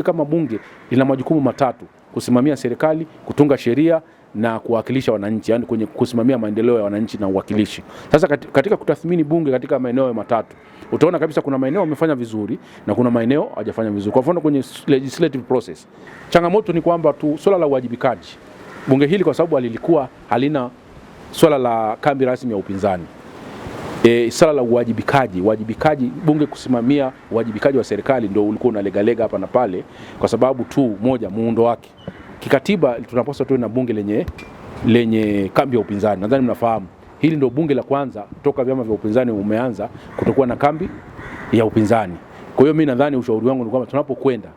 Bunge kama bunge lina majukumu matatu: kusimamia serikali, kutunga sheria na kuwakilisha wananchi, yani kwenye kusimamia maendeleo ya wananchi na uwakilishi. Sasa katika kutathmini bunge katika maeneo matatu, utaona kabisa kuna maeneo wamefanya vizuri na kuna maeneo hawajafanya vizuri. Kwa mfano, kwenye legislative process, changamoto ni kwamba tu swala la uwajibikaji bunge hili, kwa sababu alilikuwa halina swala la kambi rasmi ya upinzani E, sala la uwajibikaji uwajibikaji, bunge kusimamia uwajibikaji wa serikali ndio ulikuwa unalegalega hapa na pale, kwa sababu tu moja, muundo wake kikatiba, tunapaswa tuwe na bunge lenye, lenye kambi ya upinzani. Nadhani mnafahamu hili ndio bunge la kwanza toka vyama vya upinzani umeanza kutokuwa na kambi ya upinzani. Kwa hiyo mimi nadhani ushauri wangu ni kwamba tunapokwenda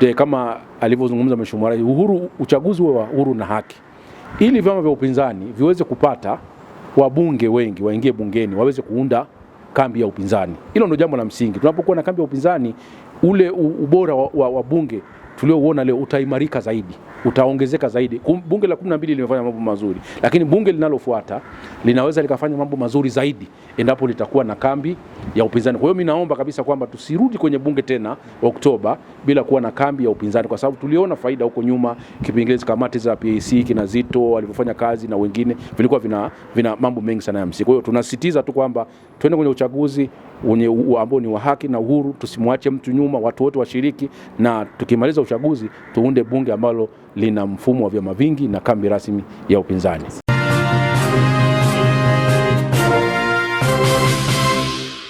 e, kama alivyozungumza Mheshimiwa Rais, uhuru uchaguzi wa uhuru na haki, ili vyama vya upinzani viweze kupata wabunge wengi waingie bungeni waweze kuunda kambi ya upinzani. Hilo ndio jambo la msingi. Tunapokuwa na kambi ya upinzani, ule ubora wa bunge tuliouona leo utaimarika zaidi, utaongezeka zaidi. Bunge la 12 limefanya mambo mazuri, lakini bunge linalofuata linaweza likafanya mambo mazuri zaidi endapo litakuwa na kambi ya upinzani. Kwa hiyo mimi naomba kabisa kwamba tusirudi kwenye bunge tena Oktoba bila kuwa na kambi ya upinzani, kwa sababu tuliona faida huko nyuma, kipindi kile kamati za PAC kina Zito walivyofanya kazi na wengine, vilikuwa vina, vina mambo mengi sana ya msingi. Kwa hiyo tunasisitiza tu kwamba twende kwenye uchaguzi ambao ni wa haki na uhuru, tusimwache mtu nyuma, watu wote washiriki, na tukimaliza uchaguzi uchaguzi tuunde bunge ambalo lina mfumo wa vyama vingi na kambi rasmi ya upinzani.